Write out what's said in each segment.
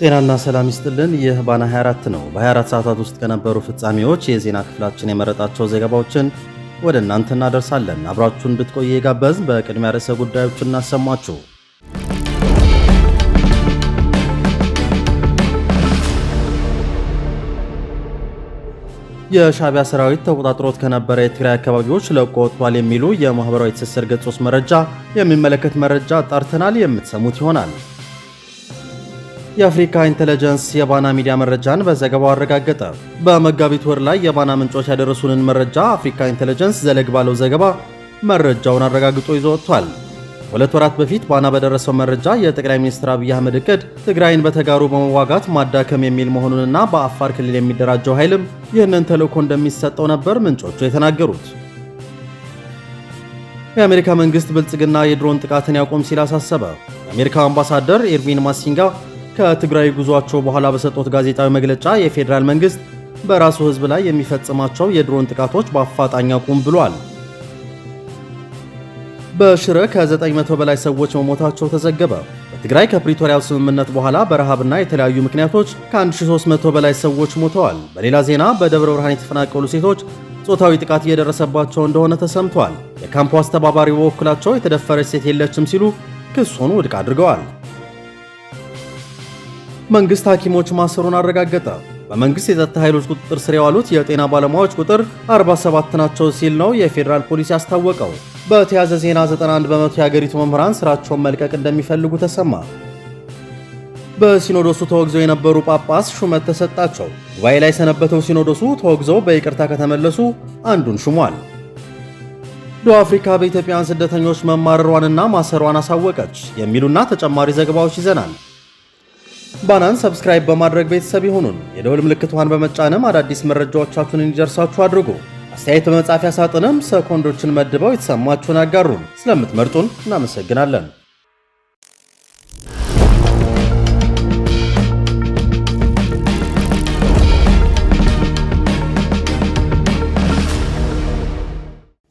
ጤናና ሰላም ይስጥልን። ይህ ባና 24 ነው። በ24 ሰዓታት ውስጥ ከነበሩ ፍጻሜዎች የዜና ክፍላችን የመረጣቸው ዘገባዎችን ወደ እናንተ እናደርሳለን። አብራችሁን ብትቆየ የጋበዝን። በቅድሚያ ርዕሰ ጉዳዮች እናሰማችሁ። የሻቢያ ሰራዊት ተቆጣጥሮት ከነበረ የትግራይ አካባቢዎች ለቆ ወጥቷል የሚሉ የማኅበራዊ ትስስር ገጾች መረጃ የሚመለከት መረጃ ጠርተናል፣ የምትሰሙት ይሆናል። የአፍሪካ ኢንቴሊጀንስ የባና ሚዲያ መረጃን በዘገባው አረጋገጠ። በመጋቢት ወር ላይ የባና ምንጮች ያደረሱንን መረጃ አፍሪካ ኢንቴሊጀንስ ዘለግ ባለው ዘገባ መረጃውን አረጋግጦ ይዞ ወጥቷል። ሁለት ወራት በፊት ባና በደረሰው መረጃ የጠቅላይ ሚኒስትር አብይ አህመድ እቅድ ትግራይን በተጋሩ በመዋጋት ማዳከም የሚል መሆኑንና በአፋር ክልል የሚደራጀው ኃይልም ይህንን ተልዕኮ እንደሚሰጠው ነበር ምንጮቹ የተናገሩት። የአሜሪካ መንግሥት ብልጽግና የድሮን ጥቃትን ያቆም ሲል አሳሰበ። የአሜሪካው አምባሳደር ኤርቪን ማሲንጋ ከትግራይ ጉዟቸው በኋላ በሰጡት ጋዜጣዊ መግለጫ የፌዴራል መንግስት በራሱ ህዝብ ላይ የሚፈጽማቸው የድሮን ጥቃቶች በአፋጣኝ አቁም ብሏል። በሽረ ከ900 በላይ ሰዎች መሞታቸው ተዘገበ። በትግራይ ከፕሪቶሪያው ስምምነት በኋላ በረሃብና የተለያዩ ምክንያቶች ከ1300 በላይ ሰዎች ሞተዋል። በሌላ ዜና በደብረ ብርሃን የተፈናቀሉ ሴቶች ጾታዊ ጥቃት እየደረሰባቸው እንደሆነ ተሰምቷል። የካምፖ አስተባባሪ በበኩላቸው የተደፈረች ሴት የለችም ሲሉ ክሱን ውድቅ አድርገዋል። መንግስት ሐኪሞች ማሰሩን አረጋገጠ። በመንግስት የጸጥታ ኃይሎች ቁጥጥር ስር የዋሉት የጤና ባለሙያዎች ቁጥር 47 ናቸው ሲል ነው የፌዴራል ፖሊስ ያስታወቀው። በተያዘ ዜና 91 በመቶ የአገሪቱ መምህራን ስራቸውን መልቀቅ እንደሚፈልጉ ተሰማ። በሲኖዶሱ ተወግዘው የነበሩ ጳጳስ ሹመት ተሰጣቸው። ጉባኤ ላይ ሰነበተው ሲኖዶሱ ተወግዘው በይቅርታ ከተመለሱ አንዱን ሹሟል። ደቡብ አፍሪካ በኢትዮጵያውያን ስደተኞች መማረሯንና ማሰሯን አሳወቀች። የሚሉና ተጨማሪ ዘገባዎች ይዘናል። ባናን ሰብስክራይብ በማድረግ ቤተሰብ ይሁኑን። የደወል ምልክቷን በመጫንም አዳዲስ መረጃዎቻችሁን እንዲደርሳችሁ አድርጉ። አስተያየት በመጻፊያ ሳጥንም ሰኮንዶችን መድበው የተሰማችሁን አጋሩን። ስለምትመርጡን እናመሰግናለን።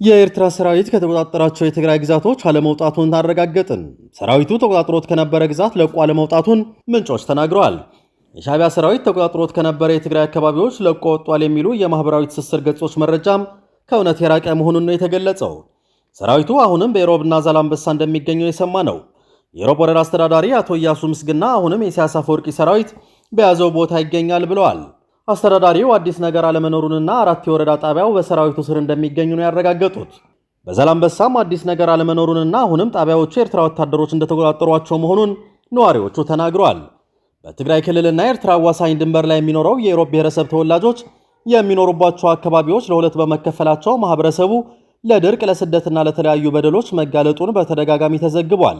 የኤርትራ ሰራዊት ከተቆጣጠራቸው የትግራይ ግዛቶች አለመውጣቱን አረጋገጥን። ሰራዊቱ ተቆጣጥሮት ከነበረ ግዛት ለቆ አለመውጣቱን ምንጮች ተናግረዋል። የሻቢያ ሰራዊት ተቆጣጥሮት ከነበረ የትግራይ አካባቢዎች ለቆ ወጧል የሚሉ የማህበራዊ ትስስር ገጾች መረጃም ከእውነት የራቀ መሆኑን ነው የተገለጸው። ሰራዊቱ አሁንም በኢሮብና ዛላምበሳ እንደሚገኘው የሰማ ነው። የኢሮብ ወረዳ አስተዳዳሪ አቶ ኢያሱ ምስግና አሁንም የኢሳያስ አፈወርቂ ሰራዊት በያዘው ቦታ ይገኛል ብለዋል። አስተዳዳሪው አዲስ ነገር አለመኖሩንና አራት የወረዳ ጣቢያው በሰራዊቱ ስር እንደሚገኙ ነው ያረጋገጡት። በዛላምበሳም አዲስ ነገር አለመኖሩንና አሁንም ጣቢያዎቹ የኤርትራ ወታደሮች እንደተቆጣጠሯቸው መሆኑን ነዋሪዎቹ ተናግረዋል። በትግራይ ክልልና ኤርትራ አዋሳኝ ድንበር ላይ የሚኖረው የኢሮብ ብሔረሰብ ተወላጆች የሚኖሩባቸው አካባቢዎች ለሁለት በመከፈላቸው ማህበረሰቡ ለድርቅ ለስደትና ለተለያዩ በደሎች መጋለጡን በተደጋጋሚ ተዘግቧል።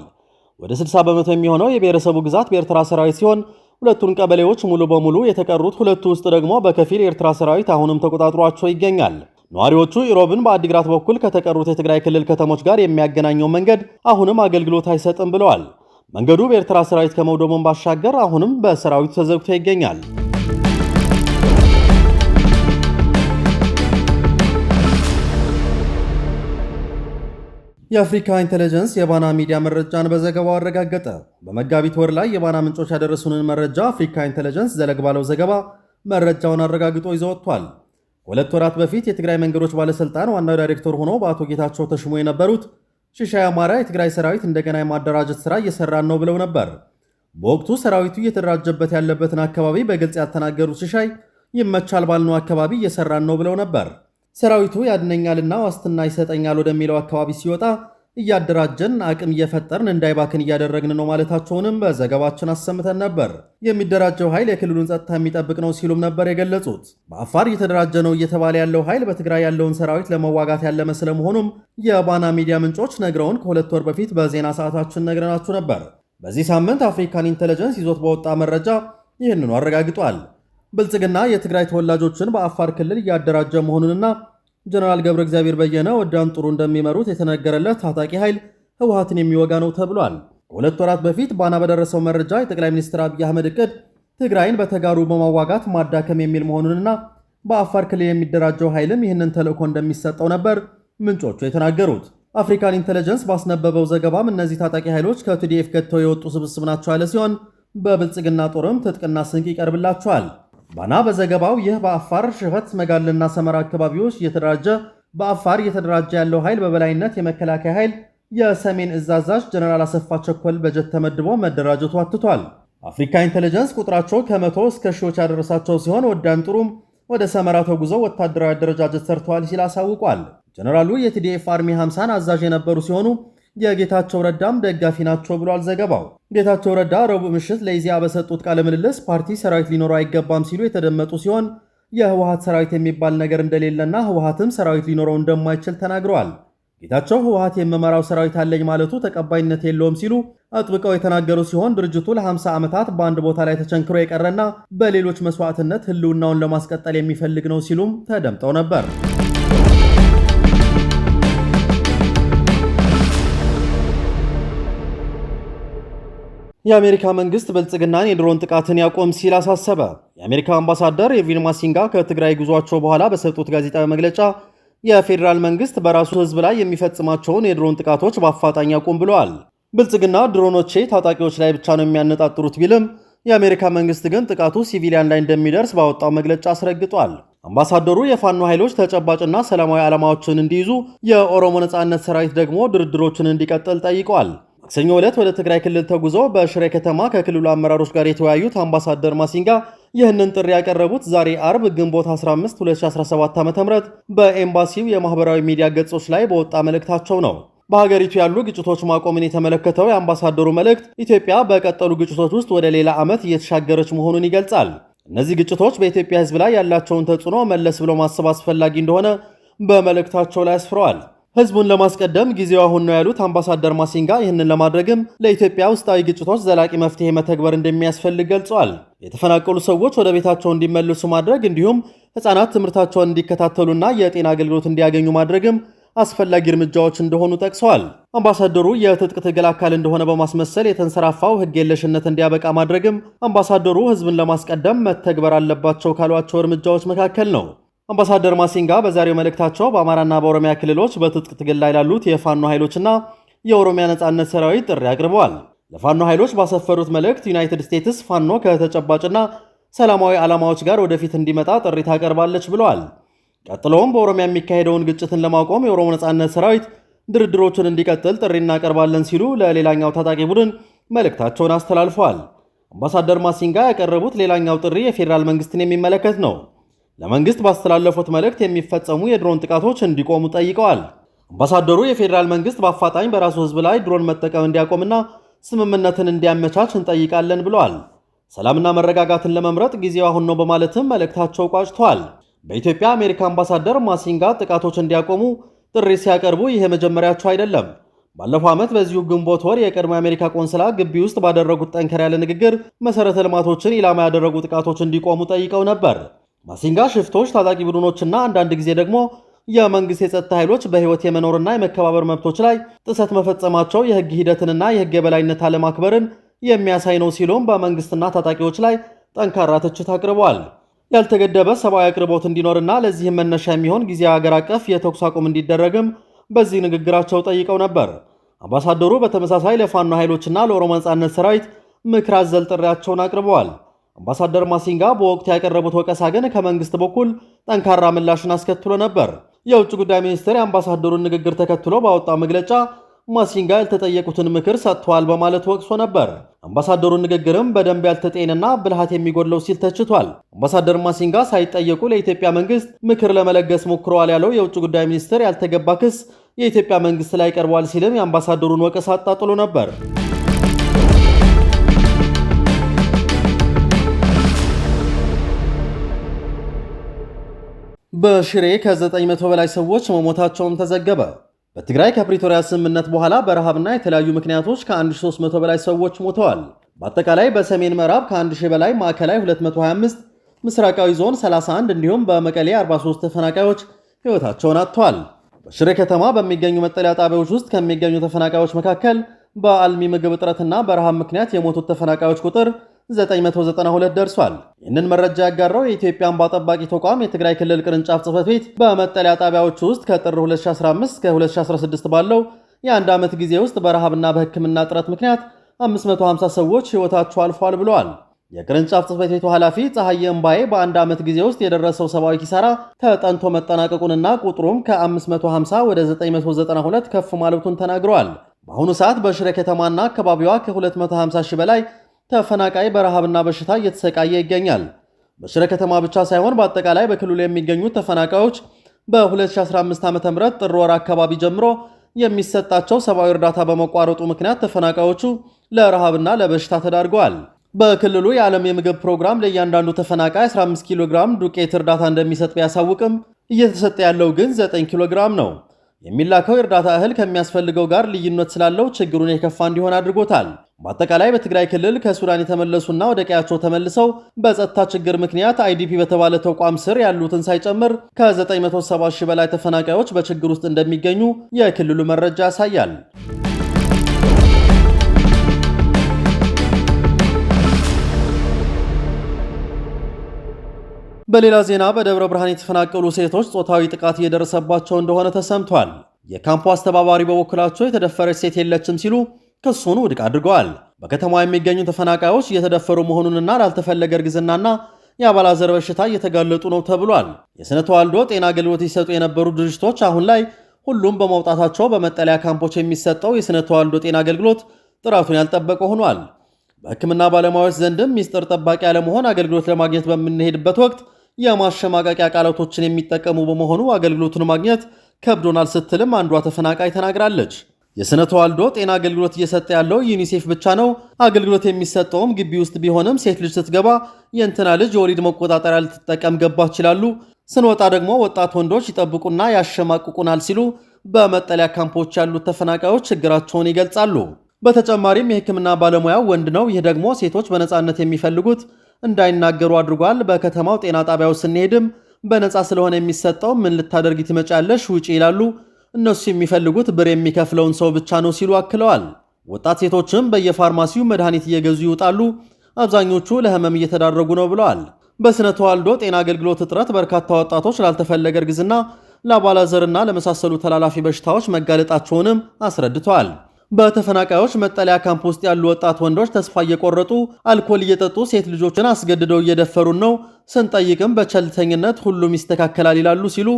ወደ 60 በመቶ የሚሆነው የብሔረሰቡ ግዛት በኤርትራ ሰራዊት ሲሆን ሁለቱን ቀበሌዎች ሙሉ በሙሉ የተቀሩት ሁለቱ ውስጥ ደግሞ በከፊል የኤርትራ ሰራዊት አሁንም ተቆጣጥሯቸው ይገኛል። ነዋሪዎቹ ኢሮብን በአዲግራት በኩል ከተቀሩት የትግራይ ክልል ከተሞች ጋር የሚያገናኘው መንገድ አሁንም አገልግሎት አይሰጥም ብለዋል። መንገዱ በኤርትራ ሰራዊት ከመውደሙን ባሻገር አሁንም በሰራዊቱ ተዘግቶ ይገኛል። የአፍሪካ ኢንቴሊጀንስ የባና ሚዲያ መረጃን በዘገባው አረጋገጠ። በመጋቢት ወር ላይ የባና ምንጮች ያደረሱንን መረጃ አፍሪካ ኢንቴሊጀንስ ዘለግ ባለው ዘገባ መረጃውን አረጋግጦ ይዞ ወጥቷል። ሁለት ወራት በፊት የትግራይ መንገዶች ባለሥልጣን ዋናው ዳይሬክተር ሆኖ በአቶ ጌታቸው ተሽሞ የነበሩት ሽሻይ አማራ የትግራይ ሰራዊት እንደገና የማደራጀት ሥራ እየሰራን ነው ብለው ነበር። በወቅቱ ሰራዊቱ እየተደራጀበት ያለበትን አካባቢ በግልጽ ያልተናገሩት ሽሻይ ይመቻል ባልነው አካባቢ እየሰራን ነው ብለው ነበር። ሰራዊቱ ያድነኛልና ዋስትና ይሰጠኛል ወደሚለው አካባቢ ሲወጣ እያደራጀን አቅም እየፈጠርን እንዳይባክን እያደረግን ነው ማለታቸውንም በዘገባችን አሰምተን ነበር። የሚደራጀው ኃይል የክልሉን ጸጥታ የሚጠብቅ ነው ሲሉም ነበር የገለጹት። በአፋር እየተደራጀ ነው እየተባለ ያለው ኃይል በትግራይ ያለውን ሰራዊት ለመዋጋት ያለመ ስለመሆኑም የባና ሚዲያ ምንጮች ነግረውን ከሁለት ወር በፊት በዜና ሰዓታችን ነግረናችሁ ነበር። በዚህ ሳምንት አፍሪካን ኢንቴለጀንስ ይዞት በወጣ መረጃ ይህንኑ አረጋግጧል። ብልጽግና የትግራይ ተወላጆችን በአፋር ክልል እያደራጀ መሆኑንና ጀነራል ገብረ እግዚአብሔር በየነ ወዳን ጥሩ እንደሚመሩት የተነገረለት ታጣቂ ኃይል ህወሀትን የሚወጋ ነው ተብሏል። ከሁለት ወራት በፊት ባና በደረሰው መረጃ የጠቅላይ ሚኒስትር አብይ አህመድ እቅድ ትግራይን በተጋሩ በማዋጋት ማዳከም የሚል መሆኑንና በአፋር ክልል የሚደራጀው ኃይልም ይህንን ተልእኮ እንደሚሰጠው ነበር ምንጮቹ የተናገሩት። አፍሪካን ኢንቴለጀንስ ባስነበበው ዘገባም እነዚህ ታጣቂ ኃይሎች ከቱዲኤፍ ገጥተው የወጡ ስብስብ ናቸው ያለ ሲሆን በብልጽግና ጦርም ትጥቅና ስንቅ ይቀርብላቸዋል። ባና በዘገባው ይህ በአፋር ሽፈት፣ መጋለና ሰመራ አካባቢዎች እየተደራጀ በአፋር እየተደራጀ ያለው ኃይል በበላይነት የመከላከያ ኃይል የሰሜን እዝ አዛዥ ጀነራል አሰፋ ቸኮል በጀት ተመድቦ መደራጀቱ አትቷል። አፍሪካ ኢንቴሊጀንስ ቁጥራቸው ከመቶ እስከ ሺዎች ያደረሳቸው ሲሆን ወዳን ጥሩም ወደ ሰመራ ተጉዘው ወታደራዊ አደረጃጀት ሰርተዋል ሲል አሳውቋል። ጀነራሉ የቲዲኤፍ አርሚ 50ን አዛዥ የነበሩ ሲሆኑ የጌታቸው ረዳም ደጋፊ ናቸው ብሏል ዘገባው። ጌታቸው ረዳ ረቡዕ ምሽት ለኢዜአ በሰጡት ቃለ ምልልስ ፓርቲ ሰራዊት ሊኖረው አይገባም ሲሉ የተደመጡ ሲሆን የህወሀት ሰራዊት የሚባል ነገር እንደሌለና ህወሀትም ሰራዊት ሊኖረው እንደማይችል ተናግረዋል። ጌታቸው ህወሀት የመመራው ሰራዊት አለኝ ማለቱ ተቀባይነት የለውም ሲሉ አጥብቀው የተናገሩ ሲሆን ድርጅቱ ለ50 ዓመታት በአንድ ቦታ ላይ ተቸንክሮ የቀረና በሌሎች መስዋዕትነት ህልውናውን ለማስቀጠል የሚፈልግ ነው ሲሉም ተደምጠው ነበር። የአሜሪካ መንግስት ብልጽግናን የድሮን ጥቃትን ያቆም ሲል አሳሰበ። የአሜሪካ አምባሳደር የቪን ማሲንጋ ከትግራይ ጉዟቸው በኋላ በሰጡት ጋዜጣዊ መግለጫ የፌዴራል መንግስት በራሱ ህዝብ ላይ የሚፈጽማቸውን የድሮን ጥቃቶች በአፋጣኝ ያቁም ብለዋል። ብልጽግና ድሮኖቼ ታጣቂዎች ላይ ብቻ ነው የሚያነጣጥሩት ቢልም የአሜሪካ መንግስት ግን ጥቃቱ ሲቪሊያን ላይ እንደሚደርስ ባወጣው መግለጫ አስረግጧል። አምባሳደሩ የፋኖ ኃይሎች ተጨባጭና ሰላማዊ ዓላማዎችን እንዲይዙ፣ የኦሮሞ ነጻነት ሰራዊት ደግሞ ድርድሮችን እንዲቀጥል ጠይቋል። ሰኞ ዕለት ወደ ትግራይ ክልል ተጉዘው በሽሬ ከተማ ከክልሉ አመራሮች ጋር የተወያዩት አምባሳደር ማሲንጋ ይህንን ጥሪ ያቀረቡት ዛሬ አርብ ግንቦት 15 2017 ዓ.ም በኤምባሲው የማህበራዊ ሚዲያ ገጾች ላይ በወጣ መልእክታቸው ነው። በሀገሪቱ ያሉ ግጭቶች ማቆምን የተመለከተው የአምባሳደሩ መልእክት ኢትዮጵያ በቀጠሉ ግጭቶች ውስጥ ወደ ሌላ ዓመት እየተሻገረች መሆኑን ይገልጻል። እነዚህ ግጭቶች በኢትዮጵያ ሕዝብ ላይ ያላቸውን ተጽዕኖ መለስ ብሎ ማሰብ አስፈላጊ እንደሆነ በመልእክታቸው ላይ አስፍረዋል። ህዝቡን ለማስቀደም ጊዜው አሁን ነው ያሉት አምባሳደር ማሲንጋ ይህንን ለማድረግም ለኢትዮጵያ ውስጣዊ ግጭቶች ዘላቂ መፍትሄ መተግበር እንደሚያስፈልግ ገልጸዋል። የተፈናቀሉ ሰዎች ወደ ቤታቸው እንዲመለሱ ማድረግ እንዲሁም ህጻናት ትምህርታቸውን እንዲከታተሉና የጤና አገልግሎት እንዲያገኙ ማድረግም አስፈላጊ እርምጃዎች እንደሆኑ ጠቅሰዋል። አምባሳደሩ የትጥቅ ትግል አካል እንደሆነ በማስመሰል የተንሰራፋው ህግ የለሽነት እንዲያበቃ ማድረግም አምባሳደሩ ህዝብን ለማስቀደም መተግበር አለባቸው ካሏቸው እርምጃዎች መካከል ነው። አምባሳደር ማሲንጋ በዛሬው መልእክታቸው በአማራና በኦሮሚያ ክልሎች በትጥቅ ትግል ላይ ላሉት የፋኖ ኃይሎችና የኦሮሚያ ነጻነት ሰራዊት ጥሪ አቅርበዋል። ለፋኖ ኃይሎች ባሰፈሩት መልእክት ዩናይትድ ስቴትስ ፋኖ ከተጨባጭና ሰላማዊ ዓላማዎች ጋር ወደፊት እንዲመጣ ጥሪ ታቀርባለች ብለዋል። ቀጥሎም በኦሮሚያ የሚካሄደውን ግጭትን ለማቆም የኦሮሞ ነጻነት ሰራዊት ድርድሮችን እንዲቀጥል ጥሪ እናቀርባለን ሲሉ ለሌላኛው ታጣቂ ቡድን መልእክታቸውን አስተላልፈዋል። አምባሳደር ማሲንጋ ያቀረቡት ሌላኛው ጥሪ የፌዴራል መንግስትን የሚመለከት ነው። ለመንግስት ባስተላለፉት መልእክት የሚፈጸሙ የድሮን ጥቃቶች እንዲቆሙ ጠይቀዋል። አምባሳደሩ የፌዴራል መንግስት በአፋጣኝ በራሱ ህዝብ ላይ ድሮን መጠቀም እንዲያቆምና ስምምነትን እንዲያመቻች እንጠይቃለን ብለዋል። ሰላምና መረጋጋትን ለመምረጥ ጊዜው አሁን ነው በማለትም መልእክታቸው ቋጭቷል። በኢትዮጵያ አሜሪካ አምባሳደር ማሲንጋ ጥቃቶች እንዲያቆሙ ጥሪ ሲያቀርቡ ይህ መጀመሪያቸው አይደለም። ባለፈው ዓመት በዚሁ ግንቦት ወር የቀድሞ የአሜሪካ ቆንስላ ግቢ ውስጥ ባደረጉት ጠንከር ያለ ንግግር መሠረተ ልማቶችን ኢላማ ያደረጉ ጥቃቶች እንዲቆሙ ጠይቀው ነበር። ማሲንጋ ሽፍቶች፣ ታጣቂ ቡድኖችና አንዳንድ ጊዜ ደግሞ የመንግስት የጸጥታ ኃይሎች በህይወት የመኖርና የመከባበር መብቶች ላይ ጥሰት መፈጸማቸው የህግ ሂደትንና የህግ የበላይነት አለማክበርን የሚያሳይ ነው ሲሉም በመንግስትና ታጣቂዎች ላይ ጠንካራ ትችት አቅርበዋል። ያልተገደበ ሰብአዊ አቅርቦት እንዲኖርና ለዚህም መነሻ የሚሆን ጊዜ አገር አቀፍ የተኩስ አቁም እንዲደረግም በዚህ ንግግራቸው ጠይቀው ነበር። አምባሳደሩ በተመሳሳይ ለፋኖ ኃይሎችና ለኦሮሞ ነጻነት ሰራዊት ምክር አዘል ጥሪያቸውን አቅርበዋል። አምባሳደር ማሲንጋ በወቅቱ ያቀረቡት ወቀሳ ግን ከመንግስት በኩል ጠንካራ ምላሽን አስከትሎ ነበር። የውጭ ጉዳይ ሚኒስቴር የአምባሳደሩን ንግግር ተከትሎ ባወጣው መግለጫ ማሲንጋ ያልተጠየቁትን ምክር ሰጥተዋል በማለት ወቅሶ ነበር። አምባሳደሩን ንግግርም በደንብ ያልተጤንና ብልሃት የሚጎድለው ሲል ተችቷል። አምባሳደር ማሲንጋ ሳይጠየቁ ለኢትዮጵያ መንግስት ምክር ለመለገስ ሞክረዋል ያለው የውጭ ጉዳይ ሚኒስቴር ያልተገባ ክስ የኢትዮጵያ መንግስት ላይ ቀርቧል ሲልም የአምባሳደሩን ወቀሳ አጣጥሎ ነበር። በሽሬ ከ900 በላይ ሰዎች መሞታቸውን ተዘገበ። በትግራይ ከፕሪቶሪያ ስምምነት በኋላ በረሃብና የተለያዩ ምክንያቶች ከ1300 በላይ ሰዎች ሞተዋል። በአጠቃላይ በሰሜን ምዕራብ ከ1000 በላይ፣ ማዕከላዊ 225፣ ምስራቃዊ ዞን 31 እንዲሁም በመቀሌ 43 ተፈናቃዮች ሕይወታቸውን አጥተዋል። በሽሬ ከተማ በሚገኙ መጠለያ ጣቢያዎች ውስጥ ከሚገኙ ተፈናቃዮች መካከል በአልሚ ምግብ እጥረትና በረሃብ ምክንያት የሞቱት ተፈናቃዮች ቁጥር 992 ደርሷል። ይህንን መረጃ ያጋራው የኢትዮጵያ እንባ ጠባቂ ተቋም የትግራይ ክልል ቅርንጫፍ ጽህፈት ቤት በመጠለያ ጣቢያዎች ውስጥ ከጥር 2015 ከ 2016 ባለው የአንድ ዓመት ጊዜ ውስጥ በረሃብና በሕክምና እጥረት ምክንያት 550 ሰዎች ሕይወታቸው አልፏል ብለዋል። የቅርንጫፍ ጽህፈት ቤቱ ኃላፊ ፀሐዬ እምባዬ በአንድ ዓመት ጊዜ ውስጥ የደረሰው ሰብአዊ ኪሳራ ተጠንቶ መጠናቀቁንና ቁጥሩም ከ550 ወደ 992 ከፍ ማለቱን ተናግረዋል። በአሁኑ ሰዓት በሽሬ ከተማና አካባቢዋ ከ250 ሺህ በላይ ተፈናቃይ በረሃብና በሽታ እየተሰቃየ ይገኛል። በሽረ ከተማ ብቻ ሳይሆን በአጠቃላይ በክልሉ የሚገኙ ተፈናቃዮች በ2015 ዓ ም ጥር ወር አካባቢ ጀምሮ የሚሰጣቸው ሰብአዊ እርዳታ በመቋረጡ ምክንያት ተፈናቃዮቹ ለረሃብና ለበሽታ ተዳርገዋል። በክልሉ የዓለም የምግብ ፕሮግራም ለእያንዳንዱ ተፈናቃይ 15 ኪሎ ግራም ዱቄት እርዳታ እንደሚሰጥ ቢያሳውቅም እየተሰጠ ያለው ግን 9 ኪሎ ግራም ነው። የሚላከው የእርዳታ እህል ከሚያስፈልገው ጋር ልዩነት ስላለው ችግሩን የከፋ እንዲሆን አድርጎታል። በአጠቃላይ በትግራይ ክልል ከሱዳን የተመለሱና ወደ ቀያቸው ተመልሰው በጸጥታ ችግር ምክንያት አይዲፒ በተባለ ተቋም ስር ያሉትን ሳይጨምር ከ970 ሺህ በላይ ተፈናቃዮች በችግር ውስጥ እንደሚገኙ የክልሉ መረጃ ያሳያል። በሌላ ዜና በደብረ ብርሃን የተፈናቀሉ ሴቶች ጾታዊ ጥቃት እየደረሰባቸው እንደሆነ ተሰምቷል። የካምፑ አስተባባሪ በበኩላቸው የተደፈረች ሴት የለችም ሲሉ ክሱን ውድቅ አድርገዋል። በከተማዋ የሚገኙ ተፈናቃዮች እየተደፈሩ መሆኑንና ላልተፈለገ እርግዝናና የአባላዘር በሽታ እየተጋለጡ ነው ተብሏል። የስነ ተዋልዶ ጤና አገልግሎት ይሰጡ የነበሩ ድርጅቶች አሁን ላይ ሁሉም በመውጣታቸው በመጠለያ ካምፖች የሚሰጠው የስነ ተዋልዶ ጤና አገልግሎት ጥራቱን ያልጠበቀ ሆኗል። በሕክምና ባለሙያዎች ዘንድም ሚስጥር ጠባቂ ያለመሆን አገልግሎት ለማግኘት በምንሄድበት ወቅት የማሸማቀቂያ ቃላቶችን የሚጠቀሙ በመሆኑ አገልግሎቱን ማግኘት ከብዶናል ስትልም አንዷ ተፈናቃይ ተናግራለች። የስነ ተዋልዶ ጤና አገልግሎት እየሰጠ ያለው ዩኒሴፍ ብቻ ነው። አገልግሎት የሚሰጠውም ግቢ ውስጥ ቢሆንም ሴት ልጅ ስትገባ የእንትና ልጅ የወሊድ መቆጣጠሪያ ልትጠቀም ገባ ይላሉ። ስንወጣ ደግሞ ወጣት ወንዶች ይጠብቁና ያሸማቅቁናል ሲሉ በመጠለያ ካምፖች ያሉት ተፈናቃዮች ችግራቸውን ይገልጻሉ። በተጨማሪም የሕክምና ባለሙያው ወንድ ነው። ይህ ደግሞ ሴቶች በነፃነት የሚፈልጉት እንዳይናገሩ አድርጓል። በከተማው ጤና ጣቢያው ስንሄድም በነፃ ስለሆነ የሚሰጠው ምን ልታደርግ ትመጫለሽ ውጪ ይላሉ። እነሱ የሚፈልጉት ብር የሚከፍለውን ሰው ብቻ ነው ሲሉ አክለዋል። ወጣት ሴቶችም በየፋርማሲው መድኃኒት እየገዙ ይውጣሉ። አብዛኞቹ ለህመም እየተዳረጉ ነው ብለዋል። በስነ ተዋልዶ ጤና አገልግሎት እጥረት በርካታ ወጣቶች ላልተፈለገ እርግዝና፣ ለአባላዘርና ለመሳሰሉ ተላላፊ በሽታዎች መጋለጣቸውንም አስረድተዋል። በተፈናቃዮች መጠለያ ካምፕ ውስጥ ያሉ ወጣት ወንዶች ተስፋ እየቆረጡ አልኮል እየጠጡ ሴት ልጆችን አስገድደው እየደፈሩን ነው፣ ስንጠይቅም በቸልተኝነት ሁሉም ይስተካከላል ይላሉ ሲሉ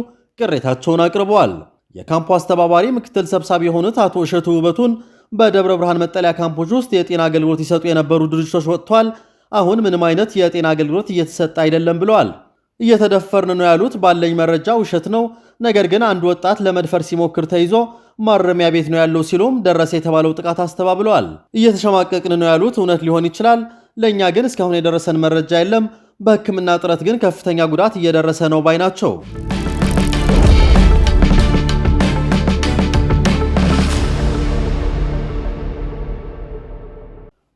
ቅሬታቸውን አቅርበዋል። የካምፑ አስተባባሪ ምክትል ሰብሳቢ የሆኑት አቶ እሸቱ ውበቱን በደብረ ብርሃን መጠለያ ካምፖች ውስጥ የጤና አገልግሎት ይሰጡ የነበሩ ድርጅቶች ወጥቷል፣ አሁን ምንም አይነት የጤና አገልግሎት እየተሰጠ አይደለም ብለዋል። እየተደፈርን ነው ያሉት ባለኝ መረጃ ውሸት ነው። ነገር ግን አንድ ወጣት ለመድፈር ሲሞክር ተይዞ ማረሚያ ቤት ነው ያለው ሲሉም ደረሰ የተባለው ጥቃት አስተባብለዋል። እየተሸማቀቅን ነው ያሉት እውነት ሊሆን ይችላል። ለእኛ ግን እስካሁን የደረሰን መረጃ የለም። በሕክምና ጥረት ግን ከፍተኛ ጉዳት እየደረሰ ነው ባይ ናቸው።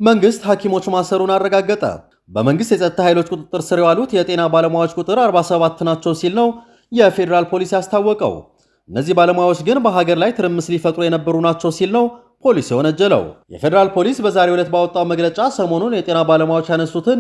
መንግስት ሐኪሞች ማሰሩን አረጋገጠ። በመንግስት የጸጥታ ኃይሎች ቁጥጥር ስር የዋሉት የጤና ባለሙያዎች ቁጥር 47 ናቸው ሲል ነው የፌዴራል ፖሊስ ያስታወቀው። እነዚህ ባለሙያዎች ግን በሀገር ላይ ትርምስ ሊፈጥሩ የነበሩ ናቸው ሲል ነው ፖሊስ የወነጀለው። የፌዴራል ፖሊስ በዛሬው ዕለት ባወጣው መግለጫ ሰሞኑን የጤና ባለሙያዎች ያነሱትን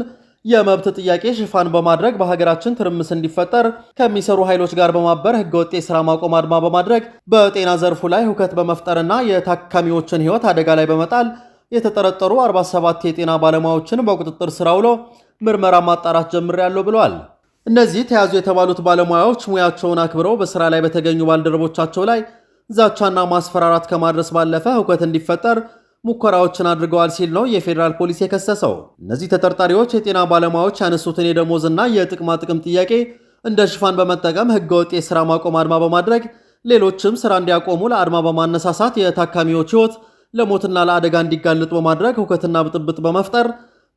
የመብት ጥያቄ ሽፋን በማድረግ በሀገራችን ትርምስ እንዲፈጠር ከሚሰሩ ኃይሎች ጋር በማበር ህገወጥ የስራ ማቆም አድማ በማድረግ በጤና ዘርፉ ላይ ሁከት በመፍጠርና የታካሚዎችን ህይወት አደጋ ላይ በመጣል የተጠረጠሩ 47 የጤና ባለሙያዎችን በቁጥጥር ስር አውሎ ምርመራ ማጣራት ጀምሬያለሁ ብለዋል። እነዚህ ተያዙ የተባሉት ባለሙያዎች ሙያቸውን አክብረው በስራ ላይ በተገኙ ባልደረቦቻቸው ላይ ዛቻና ማስፈራራት ከማድረስ ባለፈ ሁከት እንዲፈጠር ሙከራዎችን አድርገዋል ሲል ነው የፌዴራል ፖሊስ የከሰሰው። እነዚህ ተጠርጣሪዎች የጤና ባለሙያዎች ያነሱትን የደሞዝና የጥቅማ ጥቅም ጥያቄ እንደ ሽፋን በመጠቀም ህገወጥ የስራ ማቆም አድማ በማድረግ ሌሎችም ስራ እንዲያቆሙ ለአድማ በማነሳሳት የታካሚዎች ህይወት ለሞትና ለአደጋ እንዲጋለጥ በማድረግ ሁከትና ብጥብጥ በመፍጠር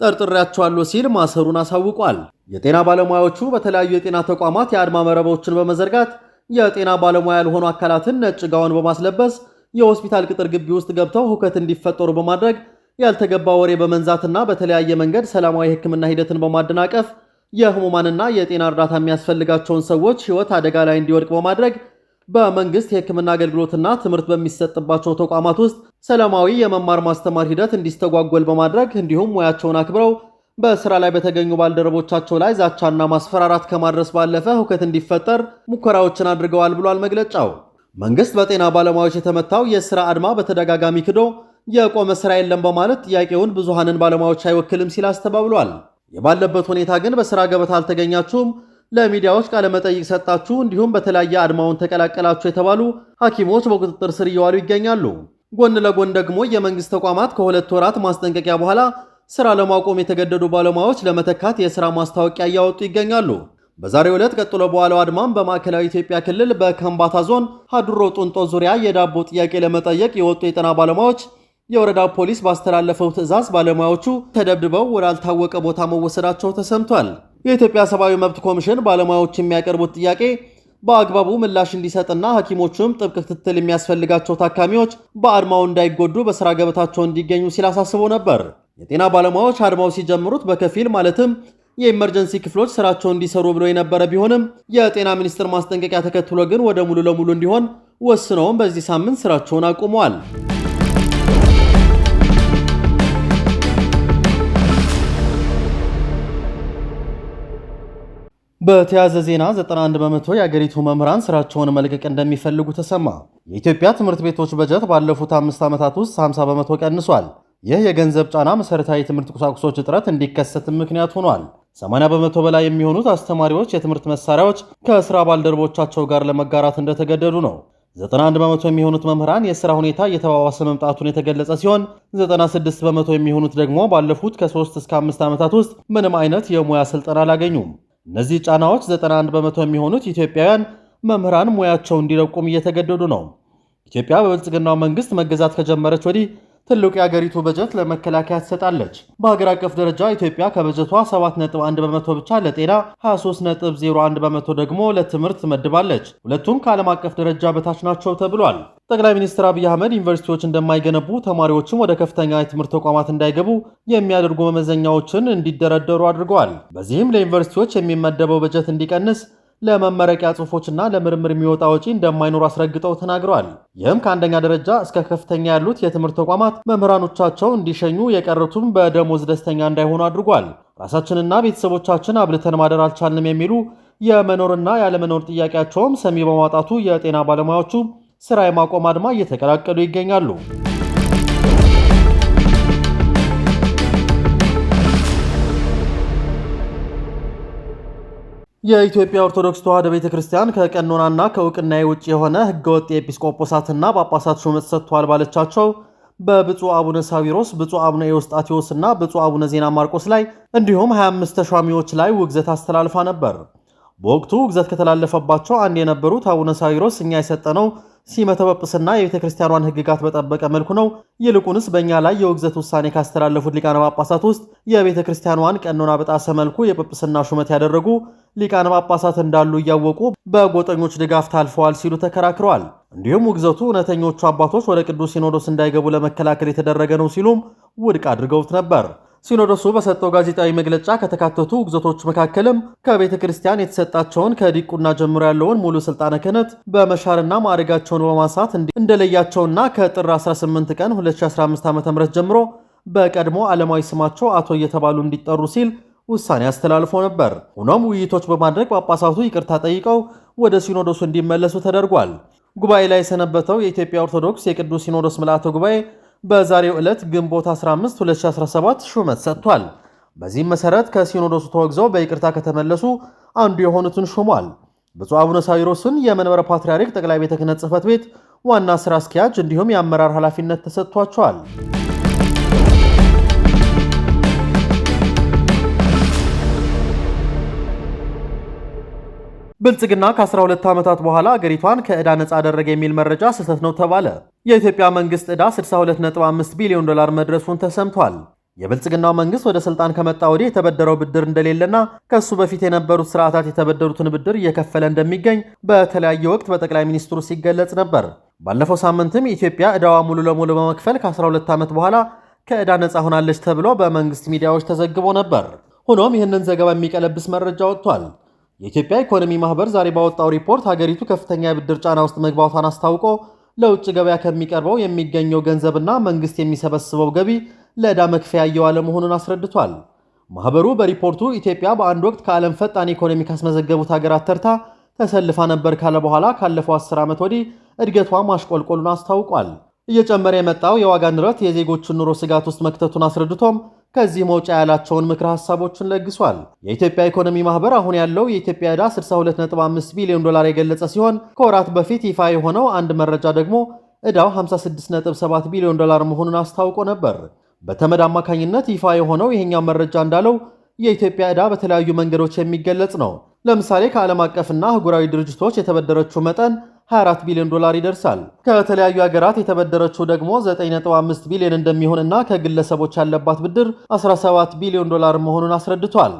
ጠርጥሬያቸዋለሁ ሲል ማሰሩን አሳውቋል። የጤና ባለሙያዎቹ በተለያዩ የጤና ተቋማት የአድማ መረቦችን በመዘርጋት የጤና ባለሙያ ያልሆኑ አካላትን ነጭ ጋውን በማስለበስ የሆስፒታል ቅጥር ግቢ ውስጥ ገብተው ሁከት እንዲፈጠሩ በማድረግ ያልተገባ ወሬ በመንዛትና በተለያየ መንገድ ሰላማዊ ሕክምና ሂደትን በማደናቀፍ የህሙማንና የጤና እርዳታ የሚያስፈልጋቸውን ሰዎች ሕይወት አደጋ ላይ እንዲወድቅ በማድረግ በመንግስት የህክምና አገልግሎትና ትምህርት በሚሰጥባቸው ተቋማት ውስጥ ሰላማዊ የመማር ማስተማር ሂደት እንዲስተጓጎል በማድረግ እንዲሁም ሙያቸውን አክብረው በስራ ላይ በተገኙ ባልደረቦቻቸው ላይ ዛቻና ማስፈራራት ከማድረስ ባለፈ ሁከት እንዲፈጠር ሙከራዎችን አድርገዋል ብሏል መግለጫው። መንግስት በጤና ባለሙያዎች የተመታው የስራ አድማ በተደጋጋሚ ክዶ የቆመ ስራ የለም በማለት ጥያቄውን ብዙሃንን ባለሙያዎች አይወክልም ሲል አስተባብሏል። የባለበት ሁኔታ ግን በስራ ገበታ አልተገኛችሁም ለሚዲያዎች ቃለመጠይቅ ሰጣችሁ፣ እንዲሁም በተለያየ አድማውን ተቀላቀላችሁ የተባሉ ሐኪሞች በቁጥጥር ስር እየዋሉ ይገኛሉ። ጎን ለጎን ደግሞ የመንግስት ተቋማት ከሁለት ወራት ማስጠንቀቂያ በኋላ ስራ ለማቆም የተገደዱ ባለሙያዎች ለመተካት የስራ ማስታወቂያ እያወጡ ይገኛሉ። በዛሬው ዕለት ቀጥሎ በዋለው አድማም በማዕከላዊ ኢትዮጵያ ክልል በከምባታ ዞን ሀዱሮ ጡንጦ ዙሪያ የዳቦ ጥያቄ ለመጠየቅ የወጡ የጤና ባለሙያዎች የወረዳ ፖሊስ ባስተላለፈው ትዕዛዝ ባለሙያዎቹ ተደብድበው ወዳልታወቀ ቦታ መወሰዳቸው ተሰምቷል። የኢትዮጵያ ሰብአዊ መብት ኮሚሽን ባለሙያዎች የሚያቀርቡት ጥያቄ በአግባቡ ምላሽ እንዲሰጥና ሐኪሞቹም ጥብቅ ክትትል የሚያስፈልጋቸው ታካሚዎች በአድማው እንዳይጎዱ በስራ ገበታቸው እንዲገኙ ሲል አሳስቦ ነበር። የጤና ባለሙያዎች አድማው ሲጀምሩት በከፊል ማለትም የኢመርጀንሲ ክፍሎች ስራቸው እንዲሰሩ ብሎ የነበረ ቢሆንም የጤና ሚኒስቴር ማስጠንቀቂያ ተከትሎ ግን ወደ ሙሉ ለሙሉ እንዲሆን ወስነውም በዚህ ሳምንት ስራቸውን አቁመዋል። በተያዘ ዜና 91 በመቶ የአገሪቱ መምህራን ስራቸውን መልቀቅ እንደሚፈልጉ ተሰማ። የኢትዮጵያ ትምህርት ቤቶች በጀት ባለፉት አምስት ዓመታት ውስጥ 50 በመቶ ቀንሷል። ይህ የገንዘብ ጫና መሠረታዊ የትምህርት ቁሳቁሶች እጥረት እንዲከሰትም ምክንያት ሆኗል። 80 በመቶ በላይ የሚሆኑት አስተማሪዎች የትምህርት መሳሪያዎች ከስራ ባልደረቦቻቸው ጋር ለመጋራት እንደተገደዱ ነው። 91 በመቶ የሚሆኑት መምህራን የሥራ ሁኔታ እየተባባሰ መምጣቱን የተገለጸ ሲሆን 96 በመቶ የሚሆኑት ደግሞ ባለፉት ከ3 እስከ 5 ዓመታት ውስጥ ምንም አይነት የሙያ ስልጠና አላገኙም። እነዚህ ጫናዎች 91 በመቶ የሚሆኑት ኢትዮጵያውያን መምህራን ሙያቸው እንዲለቁም እየተገደዱ ነው። ኢትዮጵያ በብልጽግናው መንግስት መገዛት ከጀመረች ወዲህ ትልቁ የአገሪቱ በጀት ለመከላከያ ትሰጣለች። በሀገር አቀፍ ደረጃ ኢትዮጵያ ከበጀቷ 7.1 በመቶ ብቻ ለጤና፣ 23.01 በመቶ ደግሞ ለትምህርት ትመድባለች። ሁለቱም ከዓለም አቀፍ ደረጃ በታች ናቸው ተብሏል። ጠቅላይ ሚኒስትር አብይ አህመድ ዩኒቨርሲቲዎች እንደማይገነቡ ተማሪዎችም ወደ ከፍተኛ የትምህርት ተቋማት እንዳይገቡ የሚያደርጉ መመዘኛዎችን እንዲደረደሩ አድርገዋል። በዚህም ለዩኒቨርሲቲዎች የሚመደበው በጀት እንዲቀንስ፣ ለመመረቂያ ጽሑፎችና ለምርምር የሚወጣ ወጪ እንደማይኖር አስረግጠው ተናግረዋል። ይህም ከአንደኛ ደረጃ እስከ ከፍተኛ ያሉት የትምህርት ተቋማት መምህራኖቻቸው እንዲሸኙ፣ የቀረቱም በደሞዝ ደስተኛ እንዳይሆኑ አድርጓል። ራሳችንና ቤተሰቦቻችን አብልተን ማደር አልቻልንም የሚሉ የመኖርና ያለመኖር ጥያቄያቸውም ሰሚ በማጣቱ የጤና ባለሙያዎቹ ስራ የማቆም አድማ እየተቀላቀሉ ይገኛሉ። የኢትዮጵያ ኦርቶዶክስ ተዋሕዶ ቤተ ክርስቲያን ከቀኖናና ከእውቅና ውጭ የሆነ ህገወጥ የኤጲስቆጶሳትና ጳጳሳት ሹመት ሰጥቷል ባለቻቸው በብፁዕ አቡነ ሳዊሮስ፣ ብፁዕ አቡነ ኤዎስጣቴዎስ እና ብፁዕ አቡነ ዜና ማርቆስ ላይ እንዲሁም 25 ተሿሚዎች ላይ ውግዘት አስተላልፋ ነበር። በወቅቱ ውግዘት ከተላለፈባቸው አንድ የነበሩት አቡነ ሳዊሮስ እኛ የሰጠነው ሲመተበጵስና የቤተ ክርስቲያኗን ሕግጋት በጠበቀ መልኩ ነው። ይልቁንስ በእኛ ላይ የውግዘት ውሳኔ ካስተላለፉት ሊቃነ ጳጳሳት ውስጥ የቤተ ክርስቲያኗን ቀኖና በጣሰ መልኩ የጵጵስና ሹመት ያደረጉ ሊቃነ ጳጳሳት እንዳሉ እያወቁ በጎጠኞች ድጋፍ ታልፈዋል ሲሉ ተከራክረዋል። እንዲሁም ውግዘቱ እውነተኞቹ አባቶች ወደ ቅዱስ ሲኖዶስ እንዳይገቡ ለመከላከል የተደረገ ነው ሲሉም ውድቅ አድርገውት ነበር። ሲኖዶሱ በሰጠው ጋዜጣዊ መግለጫ ከተካተቱ ውግዘቶች መካከልም ከቤተ ክርስቲያን የተሰጣቸውን ከዲቁና ጀምሮ ያለውን ሙሉ ስልጣነ ክህነት በመሻርና ማዕረጋቸውን በማንሳት እንደለያቸውና ከጥር 18 ቀን 2015 ዓ.ም ጀምሮ በቀድሞ ዓለማዊ ስማቸው አቶ እየተባሉ እንዲጠሩ ሲል ውሳኔ አስተላልፎ ነበር። ሆኖም ውይይቶች በማድረግ ጳጳሳቱ ይቅርታ ጠይቀው ወደ ሲኖዶሱ እንዲመለሱ ተደርጓል። ጉባኤ ላይ የሰነበተው የኢትዮጵያ ኦርቶዶክስ የቅዱስ ሲኖዶስ ምልዓተ ጉባኤ በዛሬው ዕለት ግንቦት 15 2017 ሹመት ሰጥቷል። በዚህም መሠረት ከሲኖዶሱ ተወግዘው በይቅርታ ከተመለሱ አንዱ የሆኑትን ሹሟል። ብፁዕ አቡነ ሳዊሮስን የመንበረ ፓትርያርክ ጠቅላይ ቤተ ክህነት ጽሕፈት ቤት ዋና ሥራ አስኪያጅ እንዲሁም የአመራር ኃላፊነት ተሰጥቷቸዋል። ብልጽግና ከ12 ዓመታት በኋላ አገሪቷን ከዕዳ ነፃ አደረገ የሚል መረጃ ስህተት ነው ተባለ። የኢትዮጵያ መንግሥት ዕዳ 625 ቢሊዮን ዶላር መድረሱን ተሰምቷል። የብልጽግናው መንግስት ወደ ስልጣን ከመጣ ወዲህ የተበደረው ብድር እንደሌለና ከሱ በፊት የነበሩት ስርዓታት የተበደሩትን ብድር እየከፈለ እንደሚገኝ በተለያየ ወቅት በጠቅላይ ሚኒስትሩ ሲገለጽ ነበር። ባለፈው ሳምንትም ኢትዮጵያ ዕዳዋ ሙሉ ለሙሉ በመክፈል ከ12 ዓመት በኋላ ከዕዳ ነፃ ሆናለች ተብሎ በመንግስት ሚዲያዎች ተዘግቦ ነበር። ሆኖም ይህንን ዘገባ የሚቀለብስ መረጃ ወጥቷል። የኢትዮጵያ ኢኮኖሚ ማህበር ዛሬ ባወጣው ሪፖርት ሀገሪቱ ከፍተኛ የብድር ጫና ውስጥ መግባቷን አስታውቆ ለውጭ ገበያ ከሚቀርበው የሚገኘው ገንዘብና መንግስት የሚሰበስበው ገቢ ለዕዳ መክፈያ እየዋለ መሆኑን አስረድቷል። ማህበሩ በሪፖርቱ ኢትዮጵያ በአንድ ወቅት ከዓለም ፈጣን ኢኮኖሚ ካስመዘገቡት ሀገራት ተርታ ተሰልፋ ነበር ካለ በኋላ ካለፈው 10 ዓመት ወዲህ እድገቷ ማሽቆልቆሉን አስታውቋል። እየጨመረ የመጣው የዋጋ ንረት የዜጎቹን ኑሮ ስጋት ውስጥ መክተቱን አስረድቶም ከዚህ መውጫ ያላቸውን ምክረ ሀሳቦችን ለግሷል። የኢትዮጵያ ኢኮኖሚ ማህበር አሁን ያለው የኢትዮጵያ ዕዳ 625 ቢሊዮን ዶላር የገለጸ ሲሆን ከወራት በፊት ይፋ የሆነው አንድ መረጃ ደግሞ ዕዳው 567 ቢሊዮን ዶላር መሆኑን አስታውቆ ነበር። በተመድ አማካኝነት ይፋ የሆነው ይሄኛው መረጃ እንዳለው የኢትዮጵያ ዕዳ በተለያዩ መንገዶች የሚገለጽ ነው። ለምሳሌ ከዓለም አቀፍና አህጉራዊ ድርጅቶች የተበደረችው መጠን 24 ቢሊዮን ዶላር ይደርሳል። ከተለያዩ ሀገራት የተበደረችው ደግሞ 9.5 ቢሊዮን እንደሚሆን እና ከግለሰቦች ያለባት ብድር 17 ቢሊዮን ዶላር መሆኑን አስረድቷል።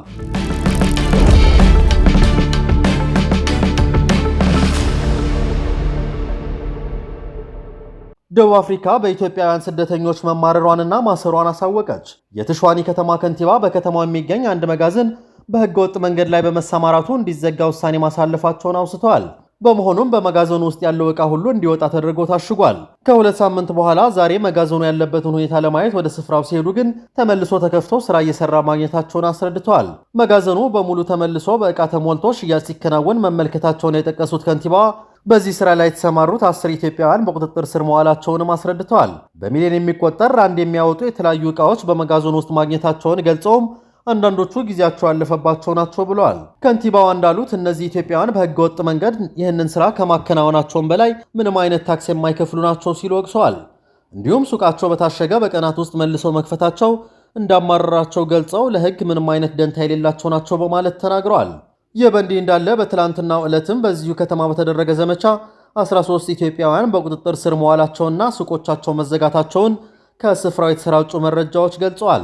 ደቡብ አፍሪካ በኢትዮጵያውያን ስደተኞች መማረሯንና ማሰሯን አሳወቀች። የትሿኒ ከተማ ከንቲባ በከተማው የሚገኝ አንድ መጋዘን በህገወጥ ወጥ መንገድ ላይ በመሰማራቱ እንዲዘጋ ውሳኔ ማሳለፋቸውን አውስተዋል። በመሆኑም በመጋዘኑ ውስጥ ያለው ዕቃ ሁሉ እንዲወጣ ተደርጎ ታሽጓል። ከሁለት ሳምንት በኋላ ዛሬ መጋዘኑ ያለበትን ሁኔታ ለማየት ወደ ስፍራው ሲሄዱ ግን ተመልሶ ተከፍቶ ስራ እየሰራ ማግኘታቸውን አስረድተዋል። መጋዘኑ በሙሉ ተመልሶ በዕቃ ተሞልቶ ሽያጭ ሲከናወን መመልከታቸውን የጠቀሱት ከንቲባ በዚህ ስራ ላይ የተሰማሩት አስር ኢትዮጵያውያን በቁጥጥር ስር መዋላቸውንም አስረድተዋል። በሚሊዮን የሚቆጠር አንድ የሚያወጡ የተለያዩ ዕቃዎች በመጋዘኑ ውስጥ ማግኘታቸውን ገልጸውም አንዳንዶቹ ጊዜያቸው ያለፈባቸው ናቸው ብለዋል። ከንቲባዋ እንዳሉት እነዚህ ኢትዮጵያውያን በህገወጥ መንገድ ይህንን ስራ ከማከናወናቸውን በላይ ምንም አይነት ታክስ የማይከፍሉ ናቸው ሲሉ ወቅሰዋል። እንዲሁም ሱቃቸው በታሸገ በቀናት ውስጥ መልሰው መክፈታቸው እንዳማረራቸው ገልጸው ለህግ ምንም አይነት ደንታ የሌላቸው ናቸው በማለት ተናግረዋል። ይህ በእንዲህ እንዳለ በትላንትናው ዕለትም በዚሁ ከተማ በተደረገ ዘመቻ 13 ኢትዮጵያውያን በቁጥጥር ስር መዋላቸውና ሱቆቻቸው መዘጋታቸውን ከስፍራው የተሰራጩ መረጃዎች ገልጸዋል።